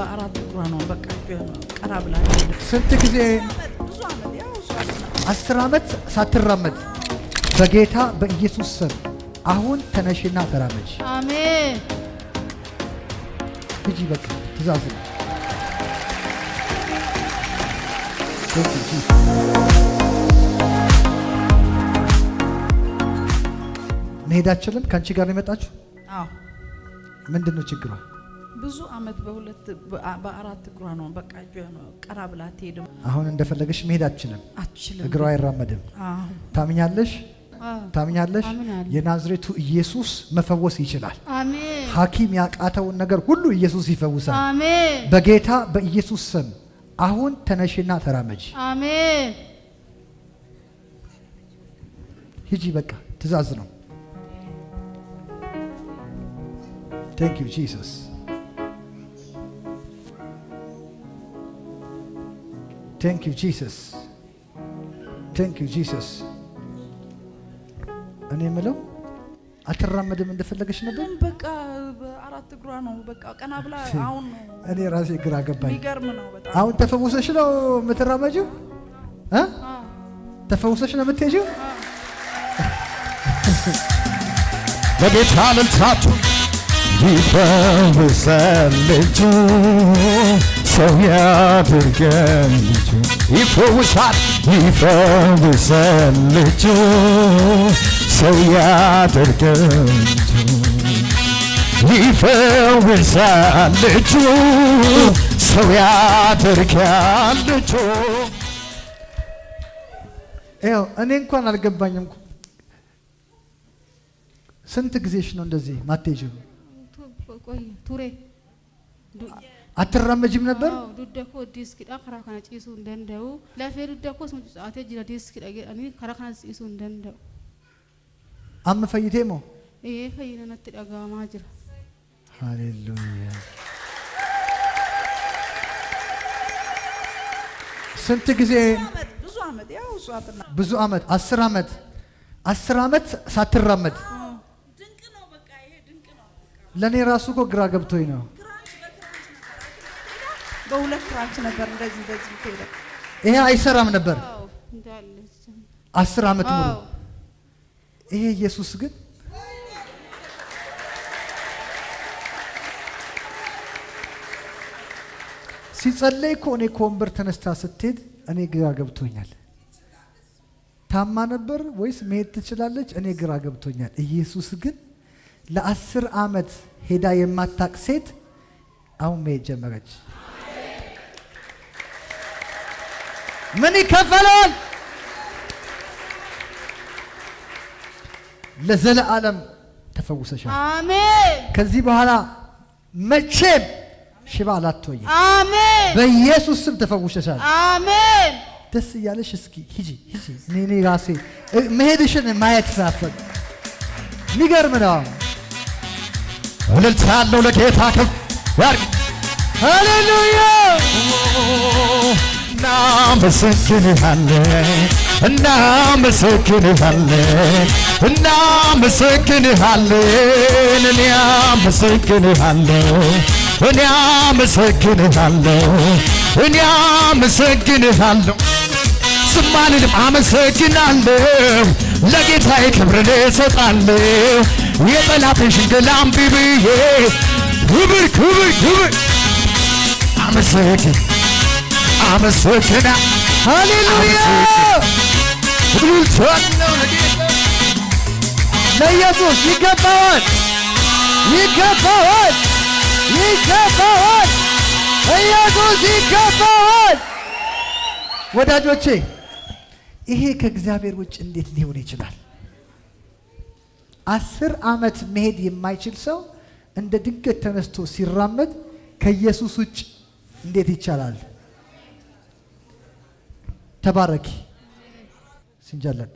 በአራት ነው። በቃ ብላ ስንት ጊዜ አስር ዓመት ሳትራመድ በጌታ በኢየሱስ ስም አሁን ተነሽና ተራመጅ። አሜን። ልጅ በቃ ትእዛዝ ነው። መሄድ አችልም። ከአንቺ ጋር ነው የመጣችሁ። ምንድን ነው ችግሯ? ብዙ አመት በሁለት በአራት እግሯ ነው። በቃ ቀራ ብላ አትሄድም። አሁን እንደፈለገሽ መሄድ አትችልም፣ አትችልም። እግሯ አይራመድም። ታምኛለሽ? ታምኛለሽ? የናዝሬቱ ኢየሱስ መፈወስ ይችላል። አሜን። ሐኪም ያቃተውን ነገር ሁሉ ኢየሱስ ይፈውሳል። አሜን። በጌታ በኢየሱስ ስም አሁን ተነሽና ተራመጂ። አሜን። ሂጂ። በቃ ትእዛዝ ነው። ቴንክ ዩ ጂሰስ Thank you, Jesus. Thank you, Jesus. እኔ የምለው አትራመድም እንደፈለገች ነበር። በቃ አራት እግሯ ነው። በቃ ቀና ብላ አሁን እኔ ራሴ ግራ ገባኝ። የሚገርም ነው በጣም። አሁን ተፈውሰሽ ነው የምትራመጂው? ተፈውሰሽ ነው የምትሄጂው? በጌታ ልልታችሁ ይፈውሰን ሰው ያድርገን ልጁ ይፈውሳል ይፈውሰን ልጁ ሰው ያድርገን ልጁ ይፈውሳል ልጁ ሰው ያድርገን ልጁ ይኸው እኔ እንኳን አልገባኝም። ስንት ጊዜሽ ነው እንደዚህ ማቴጅ አትራመጅም ነበር። አም ፈይቴ ሞ ሃሌሉያ። ስንት ጊዜ ብዙ ዓመት አስር ዓመት አስር ዓመት ሳትራመድ ለእኔ ራሱ እኮ ግራ ገብቶኝ ነው። በሁለት ትራንች ነበር እንደዚህ እንደዚህ ሄደ። ይሄ አይሰራም ነበር አስር ዓመት ሙሉ። ይሄ ኢየሱስ ግን ሲጸለይ እኮ እኔ ከወንበር ተነስታ ስትሄድ እኔ ግራ ገብቶኛል። ታማ ነበር ወይስ መሄድ ትችላለች? እኔ ግራ ገብቶኛል። ኢየሱስ ግን ለአስር ዓመት ሄዳ የማታቅ ሴት አሁን መሄድ ጀመረች። ምን ይከፈላል? ለዘለዓለም ተፈውሰሻል። አሜን። ከዚህ በኋላ መቼም ሽባ አላትወይም። አሜን። በኢየሱስ ስም ተፈውሰሻል። አሜን። ደስ እያለሽ እስኪ ሂጂ ሂጂ። እኔ ራሴ መሄድሽን ማየት ስላፈል የሚገርም ነው። እልልታ ያለው ለጌታ ከፍ ሃሌሉያ እናመሰግንሃለሁ። ዝም አልልም፣ አመሰግናለሁ። ለጌታዬ ክብርን እሰጣለሁ። የጠላቴን ሽንገላ እምቢ ብዬ ክብር ክብር ክብር አመሰግን አመስግና ሃሌሉያ ለኢየሱስ ይገባዋል፣ ይገባዋል፣ ይገባዋል፣ ኢየሱስ ይገባዋል። ወዳጆቼ ይሄ ከእግዚአብሔር ውጭ እንዴት ሊሆን ይችላል? አስር ዓመት መሄድ የማይችል ሰው እንደ ድንገት ተነስቶ ሲራመድ ከኢየሱስ ውጭ እንዴት ይቻላል? ተባረኪ ሲንጀለዳ